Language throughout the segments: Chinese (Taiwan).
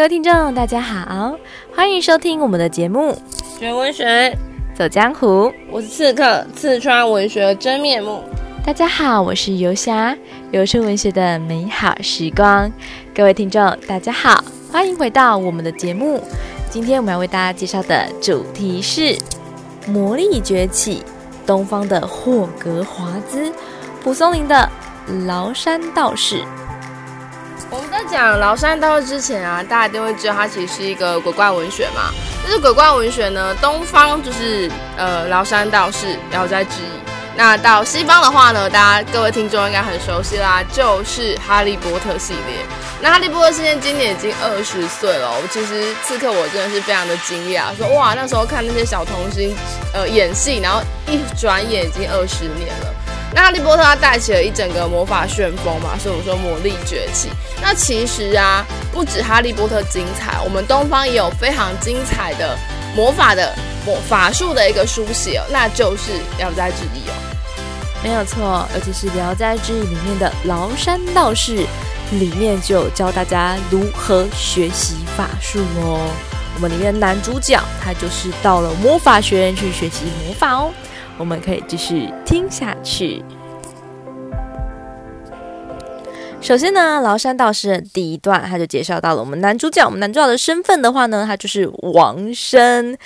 各位聽眾，大家好，歡迎收聽我們的節目《學文學走江湖》，我是刺客，刺穿文學真面目。大家好，我是游俠，游出文學的美好時光。各位聽眾，大家好，歡迎回到我們的節目。今天我們要為大家介紹的主題是魔力崛起，東方的霍格華茲，蒲松齡的嶗山道士。講崂山道士之前啊，大家一定會知道它其實是一個鬼怪文學嘛。但是鬼怪文學呢，東方就是呃崂山道士，聊齋志異。那到西方的話呢，大家各位聽眾應該很熟悉啦，就是哈利波特系列。那哈利波特系列今年已經二十歲了哦，其實此刻我真的是非常的驚訝，說哇，那時候看那些小童星呃演戲，然後一轉眼已經二十年了。那哈利波特他帶起了一整個魔法旋風嘛，所以我說魔力崛起。那其實啊，不止哈利波特精彩，我們東方也有非常精彩的魔法的魔法術的一個書寫哦、喔，那就是聊齋志異哦，沒有錯，而且是聊齋志異裡面的勞山道士裡面就教大家如何學習法術哦、喔，我們裡面男主角他就是到了魔法學院去學習魔法哦、喔。我們可以繼續聽下去。首先呢，嶗山道士第一段，他就介紹到了我們男主角。我們男主角的身份的話呢，他就是王生，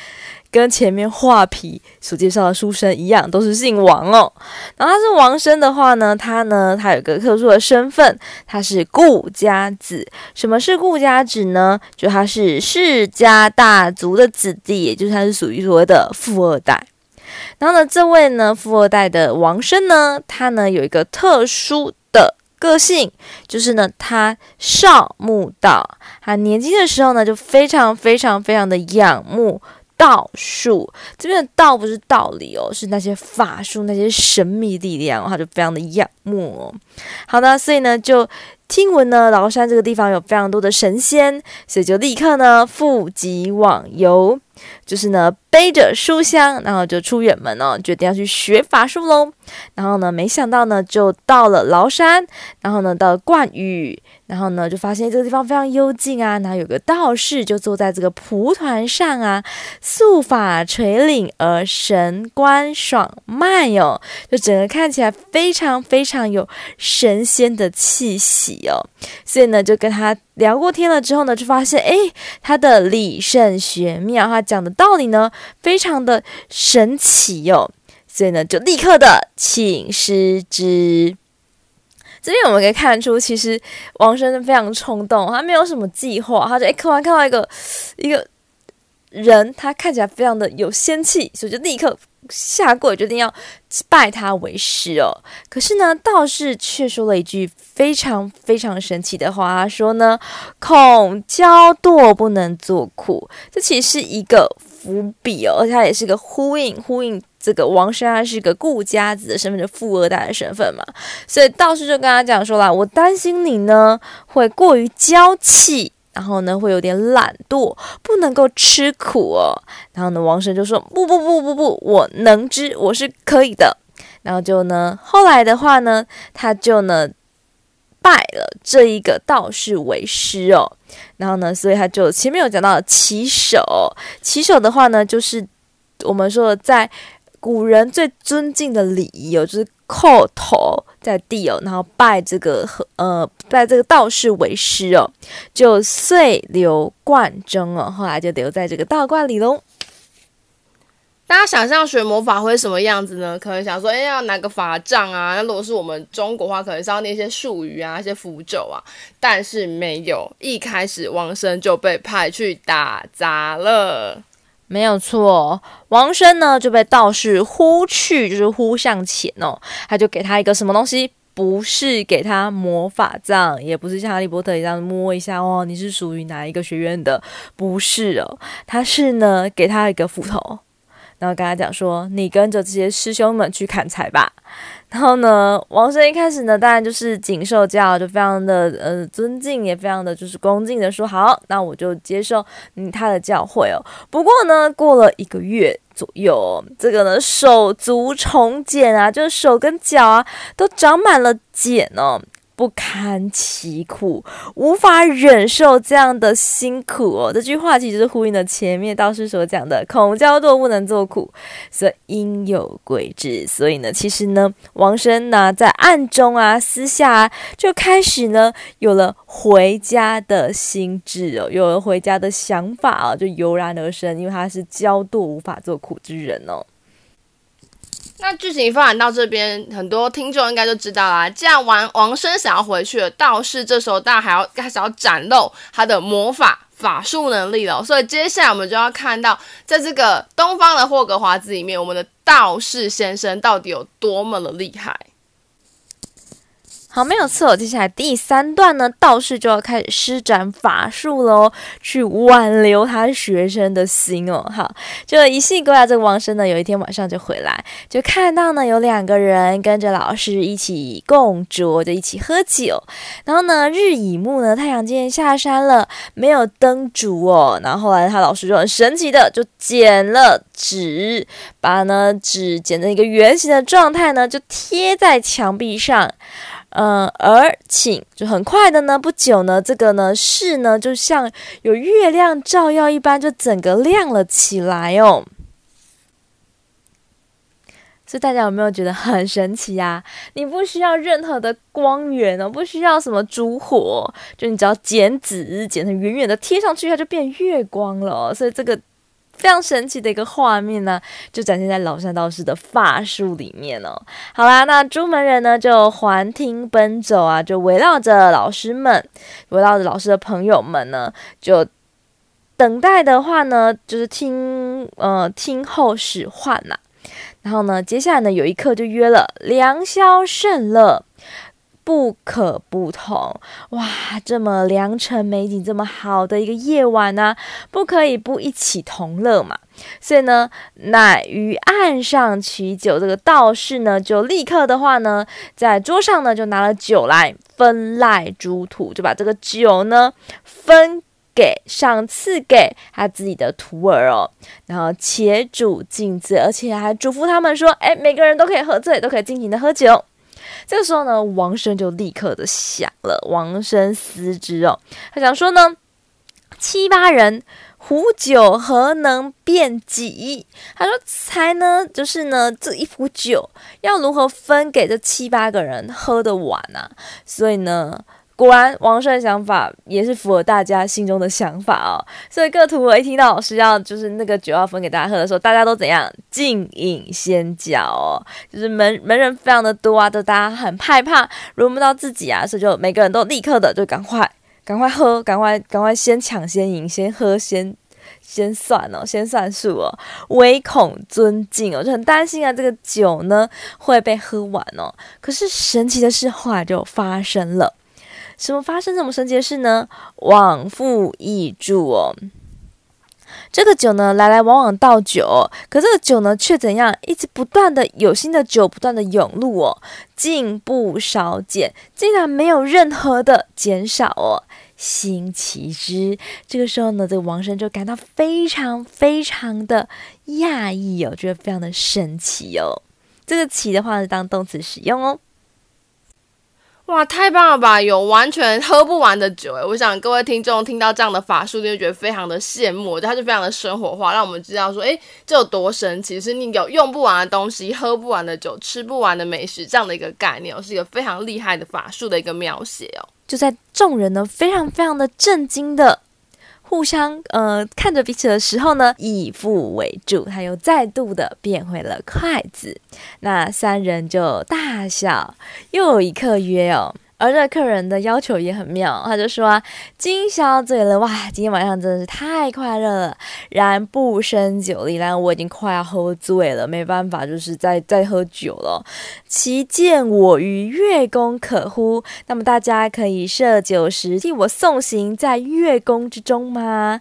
跟前面畫皮所介紹的書生一樣，都是姓王哦。然後他是王生的話呢，他呢，他有個特殊的身份，他是顧家子。什麼是顧家子呢？就他是世家大族的子弟，也就是他是屬於所謂的富二代。然後呢，這位呢，富二代的王生呢，他呢有一個特殊的個性，就是呢，他少慕道，他年輕的時候呢，就非常非常非常的仰慕道術。這邊的道不是道理哦，是那些法術，那些神秘力量，哦，他就非常的仰慕哦。好的，所以呢，就聽聞呢，勞山這個地方有非常多的神仙，所以就立刻呢，負笈往遊。就是呢，背着書箱，然後就出遠門了，決定要去學法術嘍。然後呢，沒想到呢，就到了勞山，然後呢，到了觀宇，然後呢，就發現這個地方非常幽靜啊，然後有個道士就坐在這個蒲團上啊，素髮垂領而神觀爽邁喲、哦，就整個看起來非常非常有神仙的氣息哦，所以呢，就跟他聊過天了之後呢，就發現誒，他的理甚玄妙哈，他講的道理呢，非常的神奇喲、哦。所以呢，就立刻的請師之。這邊我們可以看出，其實王生是非常衝動，他沒有什麼計劃，他就哎，突、欸、然看，看到一個一個人，他看起來非常的有仙氣，所以就立刻下跪，決定要拜他為師哦。可是呢，道士卻說了一句非常非常神奇的話，他說呢：“恐嬌惰不能作苦。”這其實是一個伏筆哦，而且他也是個呼應呼應。這個王生，啊，是個故家子的身份，就富二代的身份嘛，所以道士就跟他講說了，我擔心你呢，會過於嬌氣，然後呢，會有點懶惰，不能夠吃苦哦。”然後呢，王生就說：“不不不不不，我能吃，我是可以的。”然後就呢，後來的話呢，他就呢拜了這一個道士為師哦。然後呢，所以他就前面有講到騎手，騎手的話呢，就是我們說的在。古人最尊敬的禮儀哦，就是叩頭在地哦，然後拜這個呃拜這個道士為師哦，就遂留觀中哦，後來就留在這個道觀裡嘍。大家想象學魔法會什麼樣子呢？可能想說，哎，要拿個法杖啊。那如果是我們中國話，可能是要念一些術語啊，一些符咒啊。但是沒有，一開始王生就被派去打雜了。沒有錯，王生呢就被道士呼去，就是呼向前哦，他就給他一個什麼東西，不是給他魔法杖，也不是像哈利波特一樣摸一下，哦，你是屬於哪一個學院的，不是哦，他是呢給他一個斧頭，然後跟他講說，你跟着這些師兄們去砍柴吧。然後呢，王生一開始呢，當然就是謹受教，就非常的呃尊敬，也非常的就是恭敬的說：“好，那我就接受嗯他的教誨哦。”不過呢，過了一個月左右，這個呢手足重繭啊，就是手跟腳啊都長滿了繭哦。不堪其苦，無法忍受這樣的辛苦哦。這句話其實是呼應了前面道士所講的“恐嬌惰不能做苦，所以應有歸志”。所以呢，其實呢，王生呢、啊、在暗中啊、私下啊，就開始呢有了回家的心志，哦，有了回家的想法啊，就油然而生，因為他是嬌惰無法做苦之人哦。那劇情發展到這邊，很多聽眾應該就知道啦。既然王王生想要回去了，道士這時候大家還要開始要展露他的魔法法術能力了。所以接下來我們就要看到，在這個東方的霍格華茲裡面，我們的道士先生到底有多麼的厲害。好，沒有錯。接下來第三段呢，道士就要開始施展法術嘍，去挽留他學生的心哦。好，就一夕過來，這個王生呢，有一天晚上就回來，就看到呢有兩個人跟着老師一起共酌，就一起喝酒。然後呢，日已暮呢，太陽漸漸下山了，沒有燈燭哦。然後後來他老師就很神奇的就剪了紙，把呢紙剪成一個圓形的狀態呢，就貼在牆壁上。嗯，俄頃就很快的呢，不久呢，這個呢室呢，就像有月亮照耀一般，就整個亮了起來哦。所以大家有沒有覺得很神奇呀、啊？你不需要任何的光源哦，不需要什麼燭火，就你只要剪紙剪成圓圓的貼上去，它就變月光了、哦。所以這個。非常神奇的一個畫面呢，就展現在勞山道士的法術裡面哦。好啦，那諸門人呢就環聽奔走啊，就圍繞着老師們，圍繞着老師的朋友們呢，就等待的話呢，就是聽呃聽候使喚吶、啊，然後呢，接下來呢有一客就曰了，良宵勝樂，不可不同哇！這麼良辰美景，這麼好的一個夜晚呢、啊，不可以不一起同樂嘛。所以呢，乃於案上取酒，這個道士呢，就立刻的話呢，在桌上呢，就拿了酒來分賚諸徒，就把這個酒呢分給賞賜給他自己的徒兒哦。然後且囑盡醉，而且還囑咐他們說：哎、欸，每個人都可以喝醉，都可以盡情的喝酒。這個時候呢，王生就立刻的想了，王生思之哦，他想說呢，七八人，壺酒何能遍給？他說才呢，就是呢，這一壺酒要如何分給這七八個人喝得完啊？所以呢。果然，王生的想法也是符合大家心中的想法哦。所以各圖，我一聽到老師，要就是那個酒要分給大家喝的時候，大家都怎樣？競飲先釂哦，就是門門人非常的多啊，都大家很害怕輪不到自己啊，所以就每個人都立刻的就趕快趕快喝，趕快趕快先搶先飲，先喝先先算哦，先算數哦，惟恐樽盡哦，就很擔心啊，這個酒呢會被喝完哦。可是神奇的事後來就發生了。怎麼發生這麼神奇的事呢？往復挹注哦，這個酒呢來來往往倒酒，哦，可這個酒呢卻怎樣，一直不斷的有新的酒不斷的湧入哦，竟不少減，竟然沒有任何的減少哦，心奇之。這個時候呢，這個王生就感到非常非常的訝異哦，覺得非常的神奇哦。這個奇的話是當動詞使用哦。哇，太棒了吧！有完全喝不完的酒，誒，我想各位聽眾聽到這樣的法術，就覺得非常的羨慕。它就非常的生活化，讓我們知道說，誒，這有多神奇！是，你有用不完的東西，喝不完的酒，吃不完的美食，這樣的一個概念哦，是一個非常厲害的法術的一個描寫哦。就在眾人呢，非常非常的震驚的。互相呃看着彼此的時候呢，已復為箸，他又再度的變回了筷子。那三人就大笑，又有一刻約哦。而這客人的要求也很妙，他就說、啊：“今宵醉了，哇，今天晚上真的是太快樂了。然不勝酒力，然我已經快要喝醉了，沒辦法，就是再再喝酒了。其見我於月宮可乎？那麼大家可以設酒食替我送行在月宮之中嗎？”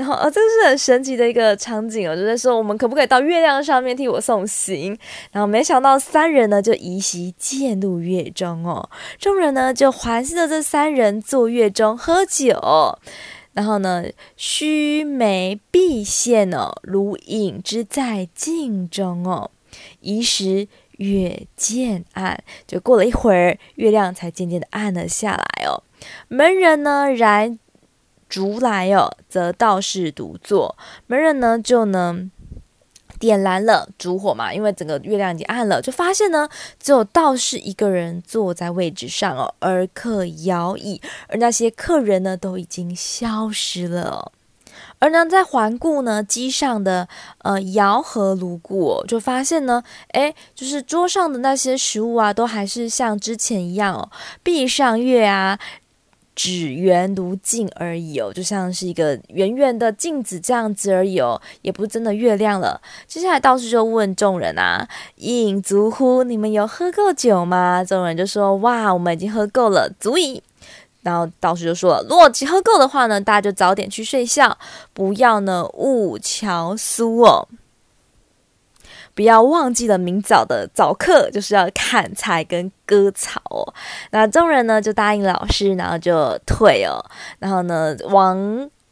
然後，呃、哦，這個是很神奇的一個場景哦，就在說我們可不可以到月亮上面替我送行？然後，沒想到三人呢就移席漸入月中哦，眾人呢就環視着這三人坐月中喝酒。然後呢，須眉畢現哦，如影之在鏡中哦。移時月漸暗，就過了一會兒，月亮才漸漸的暗了下來哦。門人呢，然燭來哦，則道士獨坐。門人呢，就能點燃了燭火嘛，因為整個月亮已經暗了，就發現呢，只有道士一個人坐在位置上哦，而客杳矣，而那些客人呢，都已經消失了哦。而呢，在環顧呢，幾上的呃餚核如故，就發現呢，哎，就是桌上的那些食物啊，都還是像之前一樣哦，壁上月啊。只圓如鏡而已哦，就像是一個圓圓的鏡子這樣子而已哦，也不是真的月亮了。接下來道士就問眾人啊：“飲足乎？你們有喝夠酒嗎？”眾人就說：“哇，我們已經喝夠了，足矣。”然後道士就說了：“如果只喝夠的話呢，大家就早點去睡覺，不要呢誤樵蘇哦。”不要忘記了明早的早課，就是要砍柴跟割草哦。那眾人呢就答應老師，然後就退哦。然後呢，王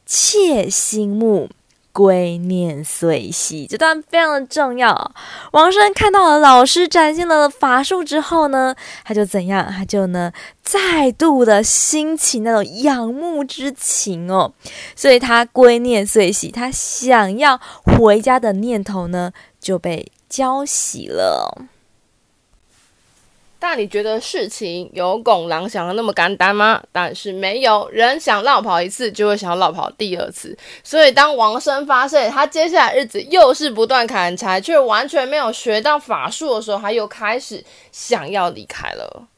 竊忻慕，歸念遂息，這段非常的重要、哦。王生看到了老師展現了法術之後呢，他就怎樣？他就呢再度的興起那種仰慕之情哦。所以他歸念遂息，他想要回家的念頭呢就被。交喜了，但你覺得事情有拱狼想的那麼簡單嗎？但是沒有人想落跑，一次就會想要落跑第二次，所以當王生發現他接下來日子又是不斷砍柴，卻完全沒有學到法術的時候，他又開始想要離開了。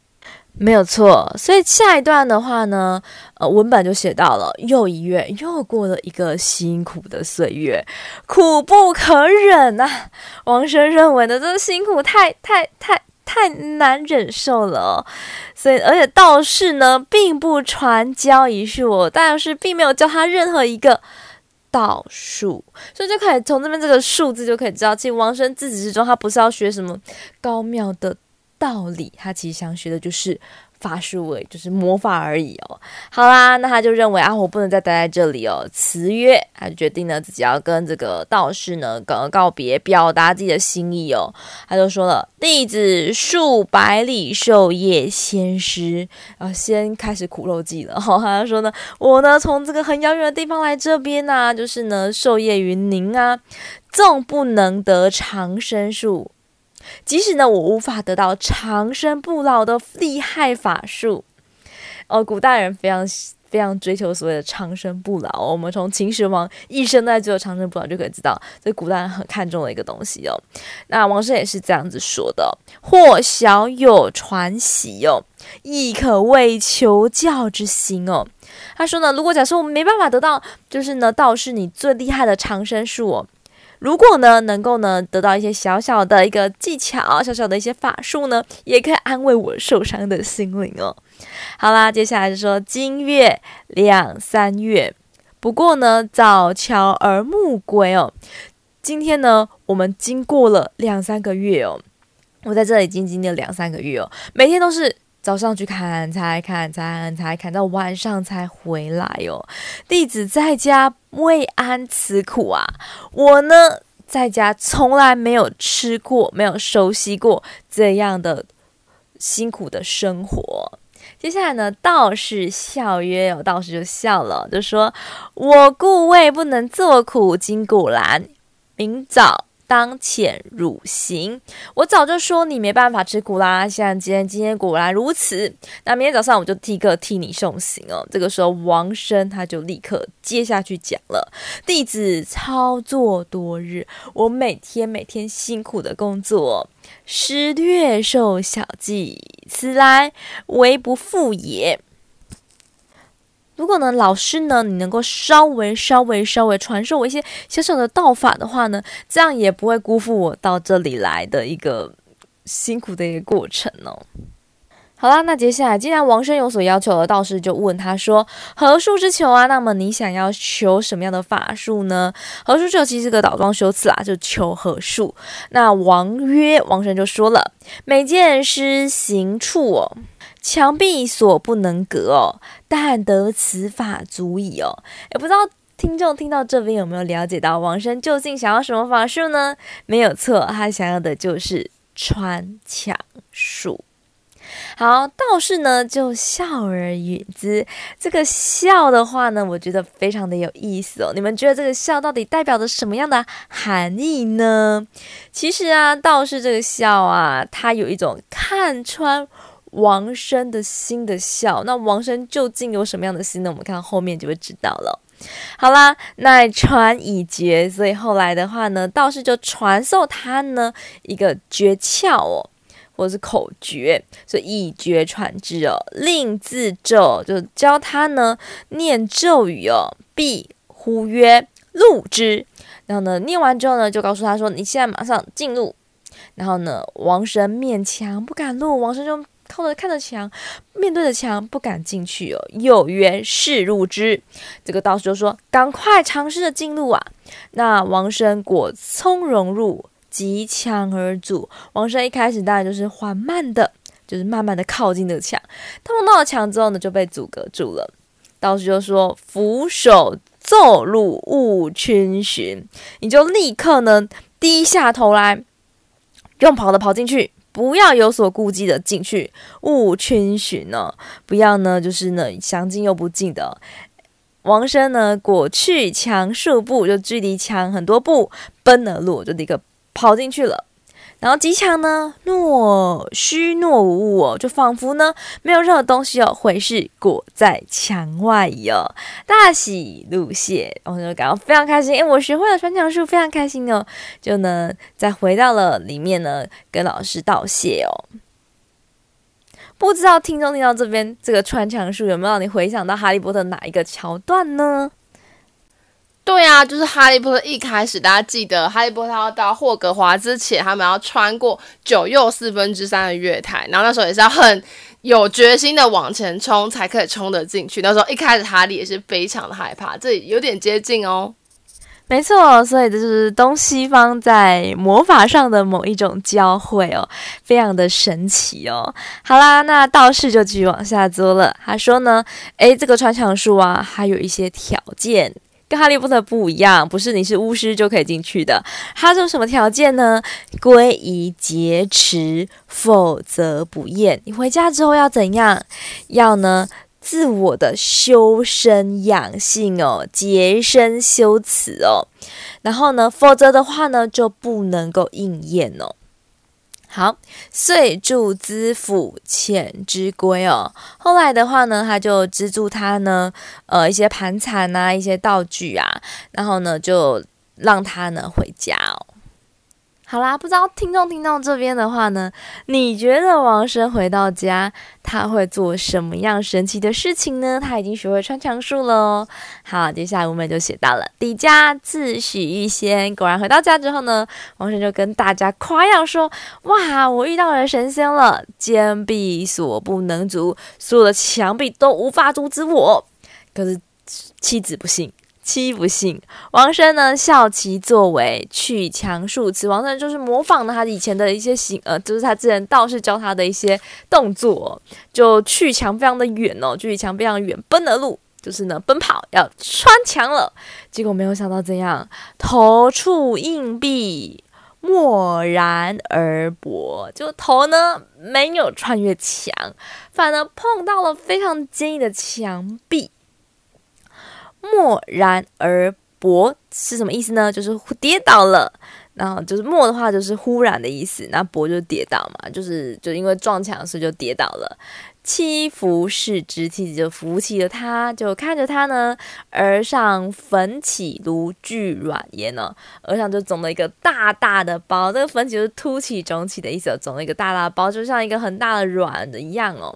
沒有錯，所以下一段的話呢，呃，文本就寫到了又一月，又過了一個辛苦的歲月，苦不可忍吶、啊。王生認為呢，這個辛苦太太太太難忍受了、哦，所以而且道士呢，並不傳教一術哦，但是並沒有教他任何一個道術，所以就可以從這邊這個數字就可以知道，其實王生自始至終他不是要學什麼高妙的道理，他其實想學的就是法術，哎，就是魔法而已哦。好啦，那他就認為啊，我不能再待在這裡哦。辭曰，他就決定呢，自己要跟這個道士呢，告告別，表達自己的心意哦。他就說了：“弟子數百里受業，仙、啊、師，然先開始苦肉計了。”哦，他就說呢：“我呢，從這個很遙遠的地方來這邊啊，就是呢，受業於您啊，縱不能得長生術。”即使呢，我無法得到長生不老的厲害法術，哦，古代人非常非常追求所謂的長生不老。我們從秦始皇一生都在追求長生不老就可以知道，在古代人很看重的一個東西哦。那王生也是這樣子說的，或小有傳習，哦，亦可慰求教之心哦。他說呢，如果假設我們沒辦法得到，就是呢，道士你最厲害的長生術，哦。如果呢，能夠呢得到一些小小的一個技巧，小小的一些法術呢，也可以安慰我受傷的心靈哦。好啦，接下來就說今閱兩三月，不過呢，早樵而暮歸哦。今天呢，我們經過了兩三個月哦，我在這裡已經經歷了兩三個月哦，每天都是。早上去砍柴，砍柴，砍，砍，砍，砍，砍到晚上才回來哦。弟子在家未諳此苦啊！我呢，在家從來沒有吃過，沒有熟悉過這樣的辛苦的生活。接下來呢，道士笑曰：“哦，道士就笑了，就說：我固謂不能作苦，今果然，明早。”當遣汝行，我早就說你沒辦法吃苦啦。現在今天今天果然如此，那明天早上我就即刻替你送行哦。這個時候王生他就立刻接下去講了：弟子操作多日，我每天每天辛苦的工作，師略授小技，此來為不負也。如果呢，老師呢，你能夠稍微稍微稍微傳授我一些小小的道法的話呢，這樣也不會辜負我到這裡來的一個辛苦的一個過程哦。好啦，那接下來，既然王生有所要求了，道士就問他說：“何術之求啊？那麼你想要求什麼樣的法術呢？”何術之求，其實是個倒裝修辭啦，就求何術。那王曰，王生就說了：“每見師行處。”牆壁所不能隔哦，但得此法足矣哦。也不知道聽眾聽到這邊有沒有了解到王生究竟想要什麼法術呢？沒有錯，他想要的就是穿牆術。好，道士呢就笑而允之。這個笑的話呢，我覺得非常的有意思哦。你們覺得這個笑到底代表着什麼樣的含義呢？其實啊，道士這個笑啊，他有一種看穿。王生的心的笑，那王生究竟有什麼樣的心呢？我們看後面就會知道了。好啦，乃傳以訣，所以後來的話呢，道士就傳授他呢一個訣竅哦，或者是口訣，所以以訣傳之哦。令自咒，就教他呢念咒語哦，畢，呼曰入之。然後呢，念完之後呢，就告訴他說：“你現在馬上進入”。然後呢，王生面牆不敢入，王生就。偷着看着牆，面對着牆不敢進去哦，有緣試入之。這個道士就說：“趕快嘗試着進入啊！”那王生果從容入，及牆而阻。王生一開始當然就是緩慢的，就是慢慢的靠近這個牆。他們到了牆之後呢，就被阻隔住了。道士就說：“俯首驟入，勿逡巡。”你就立刻呢低下頭來，用跑的跑進去。不要有所顧忌的進去，勿逡巡呢。不要呢，就是呢，想進又不進的。王生呢，過去牆數步，就距離牆很多步，奔而入，就那個跑進去了。然後及牆呢，若虛若無物哦，就仿佛呢沒有任何東西哦，回視，果在牆外喲、哦，大喜，入謝，然後就感到非常開心，哎，我學會了穿牆術，非常開心哦，就呢再回到了裡面呢，跟老師道謝哦。不知道聽眾聽到這邊這個穿牆術有沒有讓你回想到《哈利波特》哪一個橋段呢？對啊，就是哈利波特一開始，大家記得哈利波特要到霍格華滋前，他們要穿過九又四分之三的月台，然後那時候也是要很有決心的往前衝才可以衝得進去。那時候一開始哈利也是非常的害怕，這裡有點接近哦。沒錯，所以這就是東西方在魔法上的某一種交匯哦，非常的神奇哦。好啦，那道士就繼續往下做了，他說呢，誒、欸，這個穿牆術啊，還有一些條件。跟哈利波特不一樣，不是你是巫師就可以進去的。它是什麼條件呢？歸宜潔持，否則不驗。你回家之後要怎樣？要呢，自我的修身養性哦，潔身修辭哦。然後呢，否則的話呢，就不能夠應驗哦。好，遂助資斧遣之歸哦。後來的話呢，他就資助他呢，呃，一些盤纏啊，一些道具啊，然後呢，就讓他呢回家哦。好啦，不知道聽眾聽到這邊的話呢，你覺得王生回到家他會做什麼樣神奇的事情呢？他已經學會穿牆術了哦。好，接下來我們就寫到了李家自詡遇仙，果然回到家之後呢，王生就跟大家誇耀說：“哇，我遇到了神仙了，堅壁所不能阻，所有的牆壁都無法阻止我。”可是妻子不信。七不信，王生呢，效其作為，去牆數尺。王生就是模仿了他以前的一些行，呃，就是他之前道士教他的一些動作，就去牆非常的遠哦，距離牆非常遠，奔而入，就是呢奔跑要穿牆了。結果沒有想到怎樣，頭觸硬壁，驀然而踣，就頭呢沒有穿越牆，反而碰到了非常堅硬的牆壁。驀然而踣，是什麼意思呢？就是跌倒了。然後就是“驀”的話就是忽然的意思，那“踣”就跌倒嘛，就是就因為撞牆所以就跌倒了。妻扶視之，妻就扶起了他，就看着他呢。而上墳起如巨軟焉呢、哦？而上就腫了一個大大的包，這個“墳起”是凸起、腫起的意思、哦，腫了一個大大的包，就像一個很大的軟的一樣哦。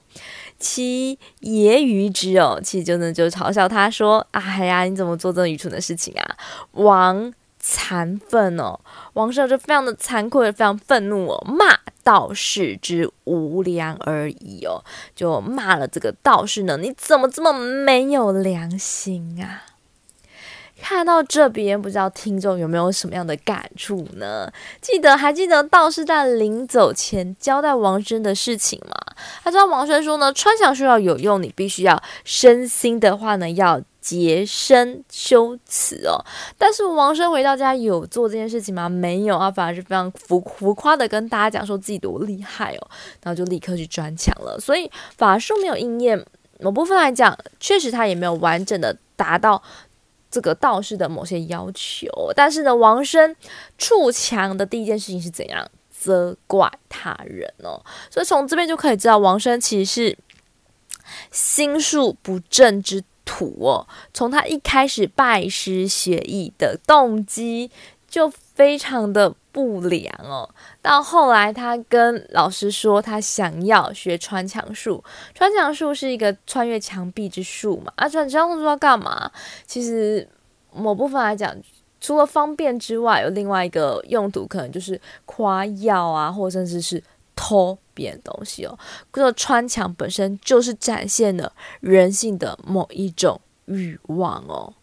其揶揄之哦，其就呢就嘲笑他說：“哎呀，你怎麼做這麼愚蠢的事情啊？”王慚忿哦，王生就非常的慚愧，非常憤怒哦，罵道士之無良而已哦，就罵了這個道士呢：“你怎麼這麼沒有良心啊？”看到這邊，不知道聽眾有沒有什麼樣的感觸呢？記得還記得道士在臨走前交代王生的事情嗎？他知道王生說呢，穿牆術要有用，你必須要身心的話呢，要潔身修辭哦。但是王生回到家有做這件事情嗎？沒有啊，反而是非常浮浮誇的跟大家講說自己多厲害哦，然後就立刻去穿牆了。所以法術沒有應驗，某部分來講，確實他也沒有完整的達到。這個道士的某些要求，但是呢，王生觸牆的第一件事情是怎樣責怪他人哦，所以從這邊就可以知道，王生其實是心術不正之徒哦。從他一開始拜師學藝的動機，就非常的。不良哦，到後來他跟老師說，他想要學穿牆術。穿牆術是一個穿越牆壁之術嘛？啊，穿牆術要幹嘛？其實某部分來講，除了方便之外，有另外一個用途，可能就是誇耀啊，或者甚至是偷別人東西哦。這個穿牆本身就是展現了人性的某一種慾望哦。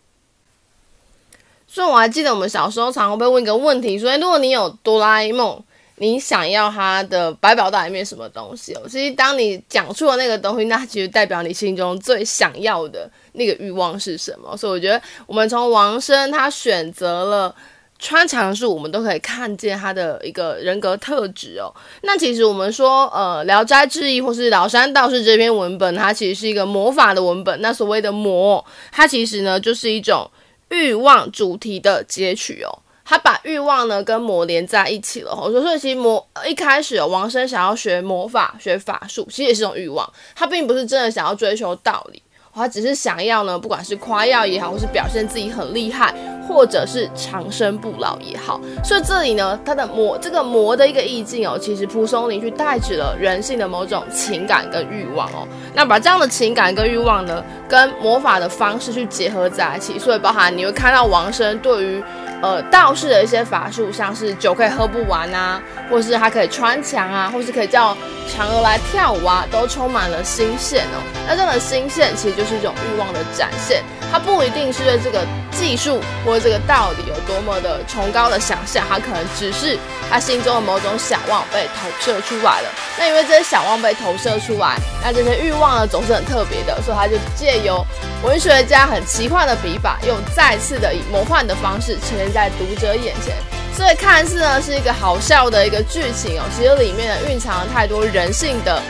所以我還記得我們小時候常會被問一個問題，所以如果你有哆啦 A 夢，你想要它的百寶袋裡面什麼東西？哦，其實當你講出了那個東西，那它其實代表你心中最想要的那個慾望是什麼？所以我覺得我們從王生他選擇了穿牆術，我們都可以看見他的一個人格特質哦。那其實我們說，呃，《聊齋志異》或是《嶗山道士》這篇文本，它其實是一個魔法的文本。那所謂的魔，它其實呢就是一種。慾望主題的截取哦，他把慾望呢跟魔連在一起了。我說，所以其實魔一開始哦，王生想要學魔法、學法術，其實也是一種慾望，他並不是真的想要追求道理，哦，他只是想要呢，不管是誇耀也好，或是表現自己很厲害，或者是長生不老也好。所以這裡呢，他的魔這個魔的一個意境哦，其實蒲松齡去代指了人性的某種情感跟欲望哦。那把這樣的情感跟欲望呢，跟魔法的方式去結合在一起，所以包含你會看到王生對於呃道士的一些法術，像是酒可以喝不完啊，或是他可以穿牆啊，或是可以叫嫦娥來跳舞啊，都充滿了新鮮哦。那這樣的新鮮其實。就是一種欲望的展現，他不一定是對這個技術或者這個道理有多麼的崇高的想象，他可能只是他心中的某種想望被投射出來了。那因為這些想望被投射出來，那這些欲望呢，總是很特別的，所以他就借由文學家很奇幻的筆法，又再次的以魔幻的方式呈現在讀者眼前。所以看似呢是一個好笑的一個劇情哦、喔，其實裡面呢蘊藏了太多人性的。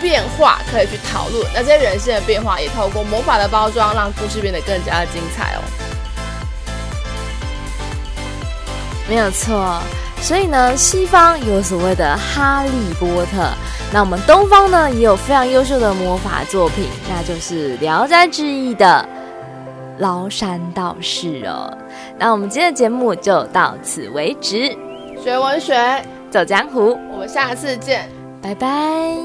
變化可以去討論，那些人性的變化也透過魔法的包裝，讓故事變得更加的精彩哦。沒有錯，所以呢，西方有所謂的《哈利波特》，那我們東方呢也有非常優秀的魔法作品，那就是《聊齋志異》的《嶗山道士》哦。那我們今天的節目就到此為止，學文學，走江湖，我們下次見，拜拜。